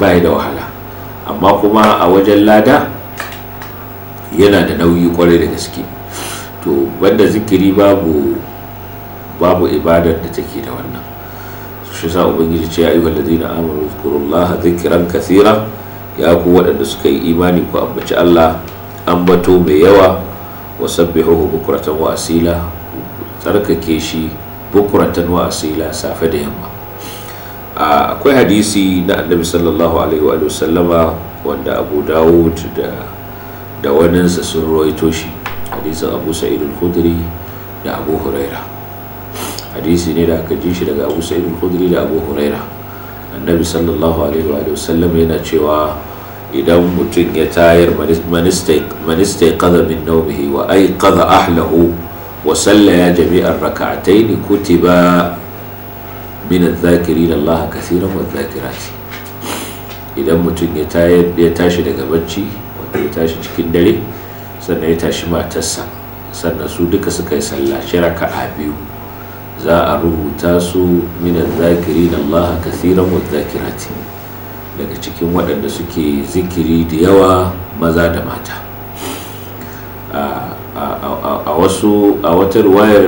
bai da wahala amma kuma a wajen lada yana da nauyi kwarai da gaske to banda zikiri babu babu ibadar da take da wannan shi sa ubangiji ce ya ayyuhal ladina amanu zkurullaha zikran kathira ya ku waɗanda suka yi imani ku ambaci Allah ambato mai yawa wa sabbihuhu bukuratan wa asila tsarkake shi bukratan wa asila safe da yamma akwai hadisi na annabi sallallahu alaihi wa sallama wanda abu dawud da da waninsa sun roito shi hadisin abu sa'id al-khudri da abu huraira hadisi ne da aka ji shi daga abu sa'id al-khudri da abu huraira annabi sallallahu alaihi wa sallam yana cewa idan mutum ya tayar manistai qadha min nawmihi wa ay qadha ahlahu wa sallaya jami'ar ni kutiba minan zakiri da kasiran wa zakirati idan mutum ya tashi daga bacci wato ya tashi cikin dare sannan ya tashi matarsa sannan su duka suka yi sallah shiraka a biyu za a rubuta su minan zakiri da Allah kasiran wa zakirati daga cikin waɗanda suke zikiri da yawa maza da mata a wasu a wata ruwayar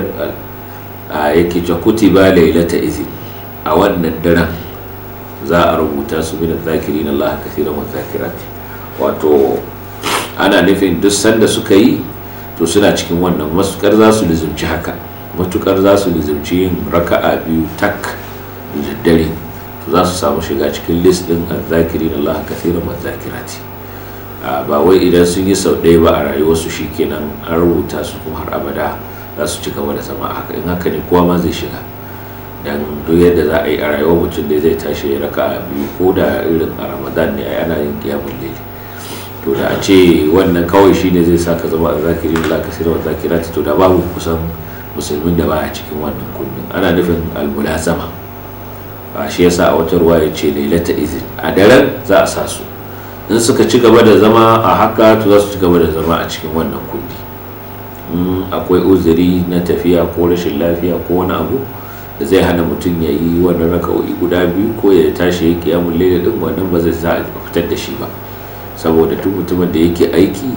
yake jakuti ba lailata izini a wannan daren za a rubuta su zakiri na Allah kathiran wa zakirat wato ana nufin duk sanda suka yi to suna cikin wannan matukar za su lizimci haka matukar za su lizimci yin raka'a biyu tak da dare to za su samu shiga cikin list din zakiri Allah kathiran wa A'a ba wai idan sun yi sau ɗaya ba a rayuwarsu kenan an rubuta su kuma har abada za su ci gaba da zama haka in haka ne kowa ma zai shiga dan duk yadda za a yi a rayuwar mutum da zai tashi ya raka biyu ko da irin a ramadan ne a yana yin kiyamun laili to da a ce wannan kawai shi ne zai sa ka zama a zakiri da ka sirwa zakirati to da babu kusan musulmin da baya cikin wannan kundin ana nufin almulazama ba shi yasa a wata ruwa ya ce lailata izin a daren za a sa su in suka ci gaba da zama a haka to za su ci gaba da zama a cikin wannan kundi akwai uzuri na tafiya ko rashin lafiya ko wani abu da zai hana mutum ya yi wannan raka'o'i guda biyu ko ya tashi ya kiyamu lele din wannan ba zai za fitar da shi ba saboda duk mutumin da yake aiki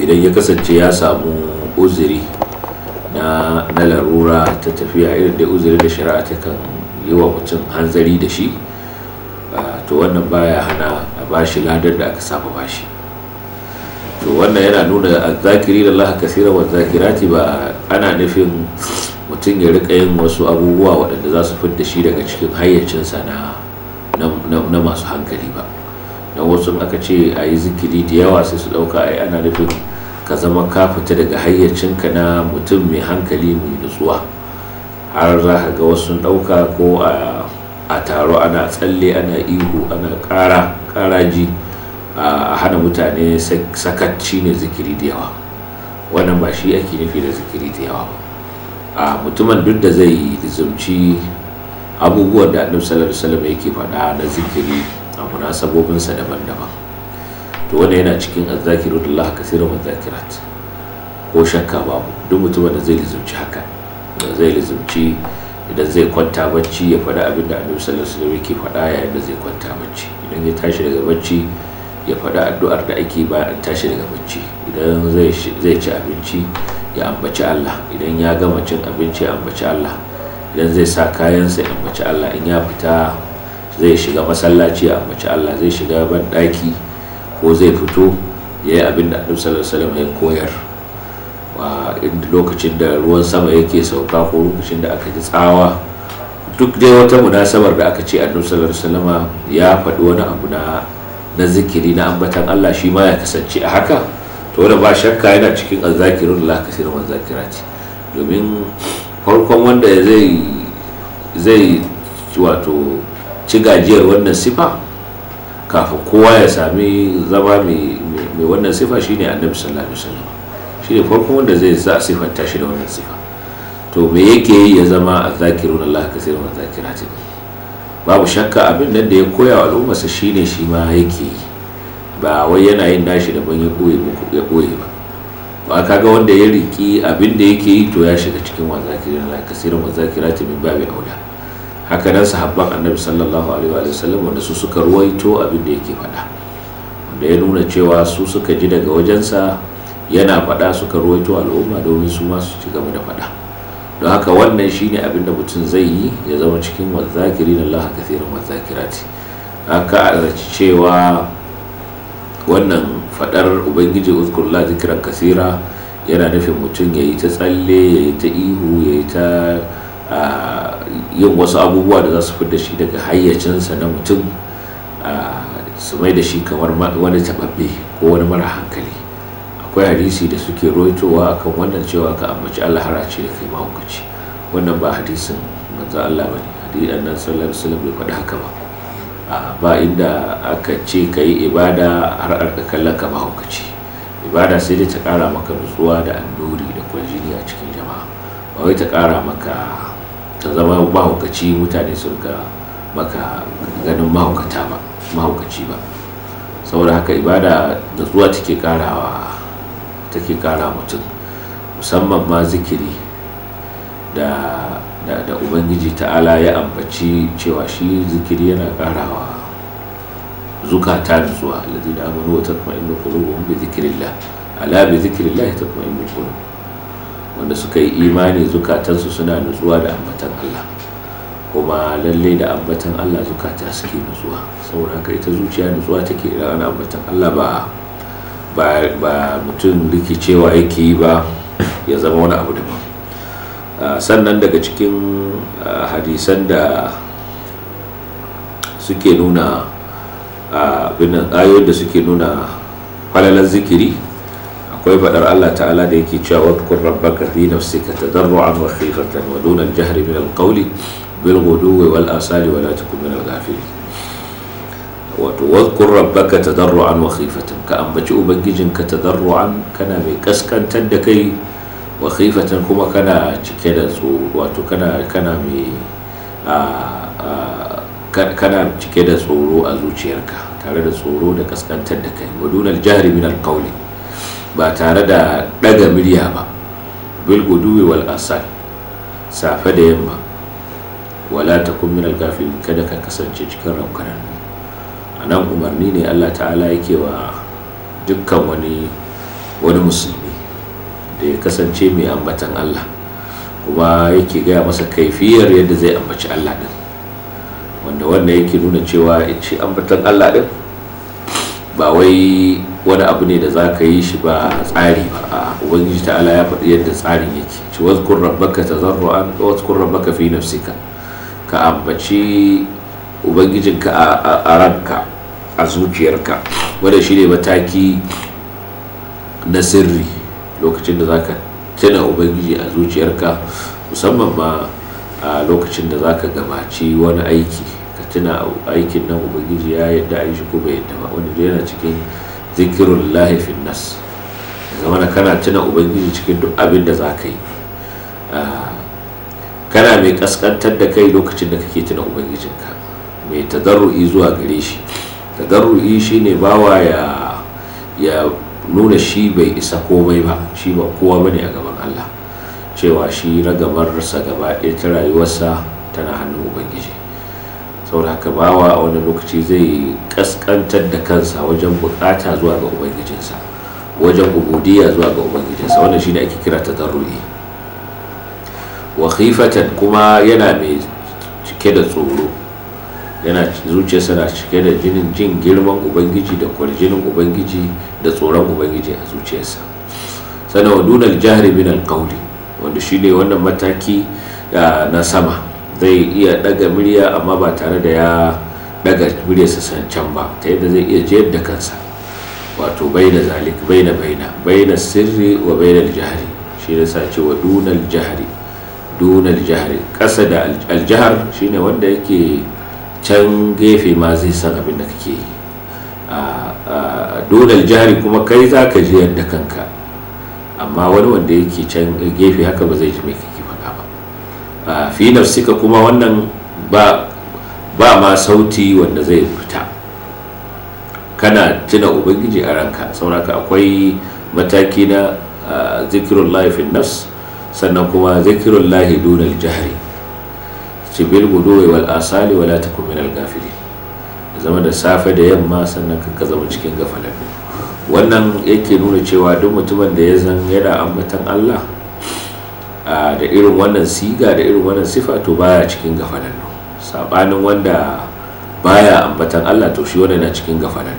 idan ya kasance ya samu uzuri na larura ta tafiya irin da uzuri da shari'a ta kan yi wa mutum hanzari da shi to wannan baya hana a bashi ladar da aka saba bashi to wannan yana nuna a zakiri da Allah kasira wa ba ana nufin mutum ya rika yin wasu abubuwa waɗanda za su fidda shi daga cikin hayyacinsa na masu hankali ba don wasu aka ce a yi zikiri da yawa sai su ɗauka a ana nufin ka zama ka fita daga hayyacinka na mutum mai hankali mai nutsuwa har za ka ga wasu ɗauka ko a taro ana tsalle ana ihu ana ƙara ƙaraji a hana mutane sakacci ne zikiri da yawa wannan ba shi ake nufi da zikiri da yawa ba a mutumin duk da zai zumci abubuwan da annabi sallallahu alaihi yake faɗa na zikiri a munasabobinsa daban-daban to wanda yana cikin azzakirullah kasirin azzakirat ko shakka babu duk mutumin da zai lizumci haka da zai lizumci idan zai kwanta bacci ya faɗa abin da annabi sallallahu alaihi yake faɗa yayin da zai kwanta bacci idan ya tashi daga bacci ya faɗa addu'ar da ake bayan tashi daga bacci idan zai ci abinci ya ambaci Allah idan ya gama cin abinci ya ambaci Allah idan zai sa kayansa ya ambaci Allah in ya fita zai shiga masallaci ya ambaci Allah zai shiga banɗaki ko zai fito ya yi abin da annabi sallallahu alaihi ya koyar Wa inda lokacin da ruwan sama yake sauka ko lokacin da aka ji tsawa duk dai wata munasabar da aka ce annabi sallallahu alaihi ya faɗi wani abu na na zikiri na ambatan Allah shi ma ya kasance a haka to wanda ba shakka yana cikin azzakirun la kasir man ce domin farkon wanda zai zai wato ci gajiyar wannan sifa kafin kowa ya sami zama mai wannan sifa shine annabi sallallahu alaihi wasallam shine farkon wanda zai sa sifanta shi da wannan sifa to me yake yi ya zama azzakirun Allah kasir man zakirati babu shakka abin nan da ya koya wa al'ummarsa shine shi ma yake yi ba wai yana yin nashi daban ya koye ba ba kaga wanda ya riki abinda yake yi to ya shiga cikin wazakira na kasirin wazakira ta min babin aula haka nan sahabban annabi sallallahu alaihi wa sallam wanda su suka ruwaito abin yake faɗa wanda ya nuna cewa su suka ji daga wajensa yana faɗa suka ruwaito al'umma domin su ma su ci gaba da faɗa don haka wannan shine abin da mutum zai yi ya zama cikin wazakiri na laha kasirin ta haka a cewa wannan fadar ubangiji uzkurla zikiran kasira yana nufin mutum ya yi ta tsalle ya yi ta ihu ya yi ta yin wasu abubuwa da za su fi da shi daga hayyacinsa na mutum su mai da shi kamar wani tababbe ko wani mara hankali akwai hadisi da suke roitowa akan wannan cewa ka ambaci allah harace da kai mahaukaci wannan ba hadisin manzo allah ba ne hadisi annan sallallahu alaihi wasallam bai faɗi haka ba ba inda aka ce ka yi ibada har arka kallon ka mahaukaci ibada sai dai ta ƙara maka nutsuwa da annuri da kwanjini a cikin jama'a ba wai ta ƙara maka ta zama mahaukaci mutane sun ga maka ganin mahaukata ba mahaukaci ba saboda haka ibada nutsuwa take take ƙara mutum musamman ma zikiri da da ubangiji ta'ala ya ambaci cewa shi zikiri yana karawa zukata nutsuwa da amanu wa tatma'innu qulubuhum bi dhikrillah ala bi dhikrillah tatma'innul qulub wanda suka yi imani zukatansu suna nutsuwa da ambatan Allah kuma lalle da ambatan Allah zukata suke nutsuwa saboda haka ita zuciya nutsuwa take da wani ambatan Allah ba ba mutum rikicewa yake yi ba ya zama wani abu ba Ah, sannan daga cikin ah, hadisan da suke nuna ah, binan ayoyin da suke nuna falalar zikiri akwai faɗar Allah ta'ala da yake cewa Rabba rabbaka fi nafsika tadarruan wa khifatan wa dunal jahri min alqawli bil ghuduwi wal asali wa la takun min al-ghafilin wato wadkur rabbaka tadarruan wa khifatan ka ambaci ubangijinka an kana mai kaskantar da kai wa kuma kana cike da wato kana kana mai kana cike da tsoro a zuciyarka tare da tsoro da kaskantar da kai wa jihar jahri min ba tare da daga miliya ba bil guduwi wal asal safe da yamma wala takun min alghafilin kada ka kasance cikin raukanan anan umarni ne Allah ta'ala yake wa dukkan wani wani musulmi da ya kasance mai ambatan Allah kuma yake gaya masa kaifiyar yadda zai ambaci Allah din wanda wannan yake nuna cewa ce ambatan Allah din ba wai wani abu ne da za ka yi shi ba tsari ba a ubangiji ta'ala ya faɗi yadda tsarin yake ci zarro an wasu wazkur baka fi nafsika ka ambaci ubangijinka a ranka a zuciyarka wadda shi ne mataki na sirri lokacin da zaka tuna ubangiji a zuciyarka musamman ma a lokacin da zaka gabaci wani aiki ka tuna aikin nan ubangiji ya yadda a yi shi kuma yadda ba wanda yana cikin zikirun lahifin nas zama kana tuna ubangiji cikin duk abin da zaka yi kana mai kaskantar da kai lokacin da kake tuna ubangijinka mai tadarru'i zuwa gare shi tadarru'i shine bawa ya nuna shi bai isa komai ba shi ba kowa bane a gaban Allah cewa shi ragamarsa gaba ɗaya ta rayuwarsa tana hannun ubangiji saboda haka bawa a wani lokaci zai kaskantar da kansa wajen bukata zuwa ga ubangijinsa wajen ubudiya zuwa ga ubangijinsa wannan shi ne ake kira ta zaruri wa khifatan kuma yana mai cike da tsoro yana zuciyarsa na cike da jinin jin girman ubangiji da kwarjinin ubangiji da tsoron ubangiji a zuciyarsa wa dunar jihar min alkauli wanda shine wannan mataki na sama zai iya daga murya amma ba tare da ya daga muryarsa sancan ba ta yadda zai iya jiyar da kansa wato baina zalik baina bai sirri wa baina aljihari shi ne sa wa dunal jihari dunar jihari kasa da shi shine wanda yake can gefe ma zai san abin da kake yi a dole jari kuma kai za ka ji yadda kanka amma wani wanda yake can gefe haka ba zai ji mai kake faɗa ba A fi nafsika kuma wannan ba ma sauti wanda zai fita kana tuna ubangiji a ranka sauraka akwai mataki na zikirun laifin nafs sannan kuma zikirun lahi dunal jahari ce bil gudu wal asali wala kuma minal gafili zama da safe da yamma sannan ka zama cikin gafalar wannan yake nuna cewa duk mutumin da ya zan yana ambatan Allah da irin wannan siga da irin wannan sifa to baya cikin gafalar sabanin wanda baya ambatan Allah to shi wannan na cikin gafalar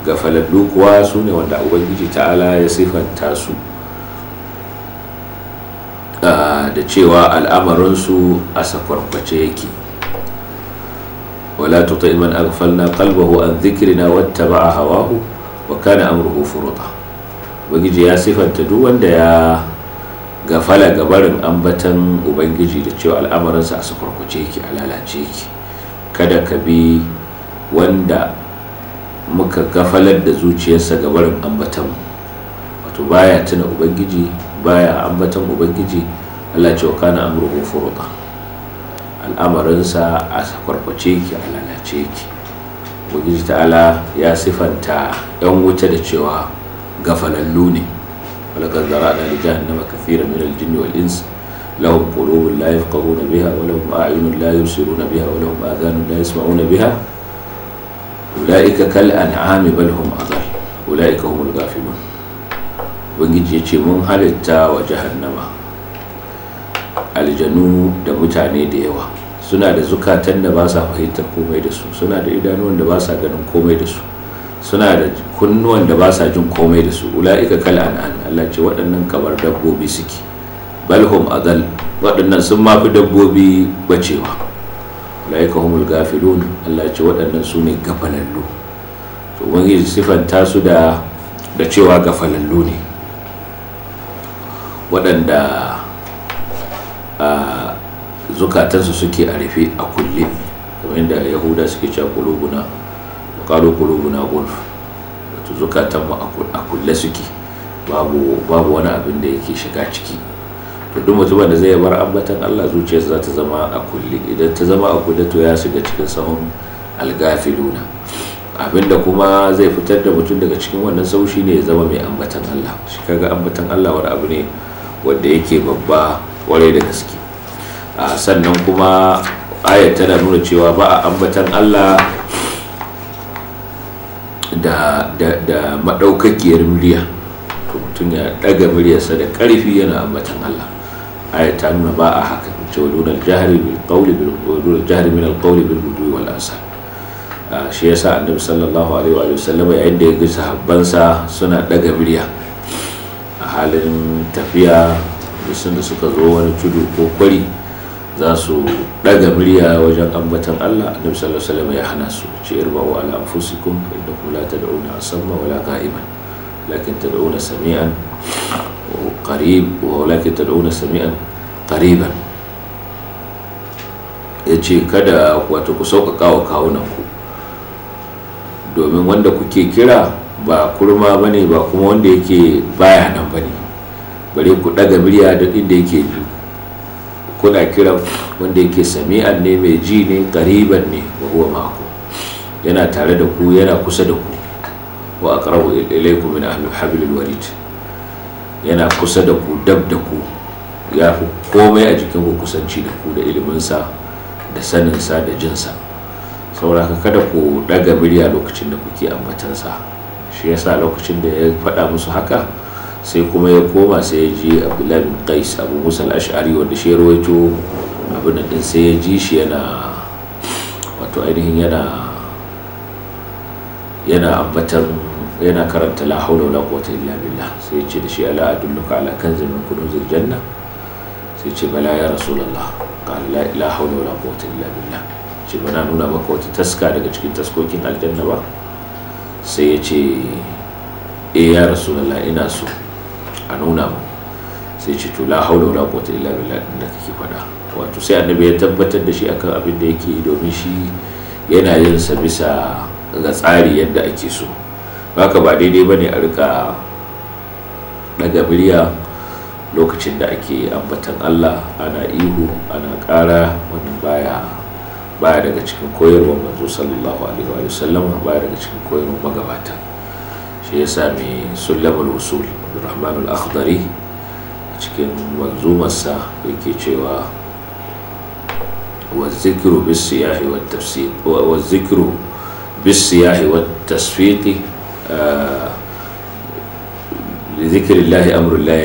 gafalar kuwa su ne wanda ubangiji ta'ala ya sifanta su da cewa al'amarinsu a sakwarkwace yake wala tuti man aghfalna kalbahu an ba hawa hawahu wa kana amruhu furuta ubangiji ya sifanta duk wanda ya gafala gabarin ambatan ubangiji da cewa al'amarinsa a sakwarkwace yake a lalace yake kada ka bi wanda muka gafalar da zuciyarsa gabarin ambatan wato baya tuna ubangiji baya ambatan ubangiji Allah ce wa kana amruhu al'amarin sa a kwarkwace ki a lalace ki ubangiji ta'ala ya sifanta yan wuta da cewa gafalallu ne walakar zara da jahannama kafiran min aljinni wal ins lahum qulubun la yafqahuna biha wa lahum a'yunun la yubsiruna biha wa lahum adhanun la yasma'una biha ulaika kal an'ami bal hum adhal ulaika humul ghafilun ubangiji ya ce mun halitta wa jahannama aljanu da mutane da yawa suna da zukatan da ba sa fahimtar komai da su suna da idanuwan da ba sa ganin komai da su suna da kunnuwan da ba sa jin komai da su ula'ika an an Allah ce waɗannan kamar dabbobi suke balhum adal waɗannan sun mafi dabbobi bacewa ula'ika humul gafilun Allah ce waɗannan su ne gafalallu to wani sifanta su da da cewa gafalallu ne waɗanda zukatansu suke a rufe a kulle kamar yadda yahuda suke cewa kulubuna kalo kulubuna gulf wato zukatanmu a kulle suke babu wani abin da yake shiga ciki to duk mutumin da zai bar ambatan Allah zuciyarsa za ta zama a kulle idan ta zama a kulle to ya shiga cikin sahun algafiluna da kuma zai fitar da mutum daga cikin wannan sau shine ya zama mai ambatan Allah shi kaga ambatan Allah wani abu ne wanda yake babba kwarai da gaske sannan kuma ayat tana nuna cewa ba a ambatan Allah da maɗaukakiyar miliya madaukakiyar mutum ya daga muryarsa da ƙarfi yana ambatan Allah ayat ta nuna ba a haka cewa dunar jahari bil qawli bil dunar jahari min al qawli bil wudu wal asar shi yasa annabi sallallahu alaihi wa sallam yayin da ya ga sahabbansa suna ɗaga miliya a halin tafiya sun da suka zo wani tudu ko kwari za su daga murya wajen ambatan Allah annabi sallallahu alaihi wasallam ya hana su ce irba'u ala anfusikum fa innakum la tad'una asamma wala qa'iman lakin tad'una sami'an qarib wa lakin tad'una sami'an qariban yace kada wato ku sauƙaƙa wa kawunan ku domin wanda kuke kira ba kurma bane ba kuma wanda yake baya nan bane Bari ku ɗaga murya duk inda yake ji kuna kiran wanda yake an ne mai ji ne ƙariban ne wa huwa mako yana tare da ku yana kusa da ku wa aqrabu ilaykum min ahli hablil yana kusa da ku dab da ku ya fi komai a jikin ku kusanci da ku da iliminsa da saninsa da jinsa sauraka kada ku ɗaga murya lokacin da kuke ambatansa shi yasa lokacin da ya faɗa musu haka sai kuma ya koma sai ya ji abdullahi bin qais abu musa al-ash'ari wanda shi rawaito abin din sai ya ji shi yana wato ainihin yana yana ambatan yana karanta la haula wala quwwata illa billah sai ya ce da shi ala adulluka ala kanzin min kunuzil janna sai ce bala ya rasulullah qala la ilaha haula wala quwwata illa billah ce bana nuna maka wata taska daga cikin taskokin aljanna ba sai ya ce eh ya rasulullah ina so a nuna mu sai ce la haula wala quwwata illa billah da kake fada wato sai annabi ya tabbatar da shi akan abin da yake domin shi yana yin sa bisa ga tsari yadda ake so haka ba daidai bane a rika daga murya lokacin da ake ambatan Allah ana ihu ana ƙara wannan baya baya daga cikin koyarwa manzo sallallahu alaihi wa sallam baya daga cikin koyarwar magabata في اسامي سلم الوصول الرحمن الاخضري كان منظومة سا والذكر بالسياح والتفسيط والذكر بالسياح والتصفيق آه، لذكر الله امر الله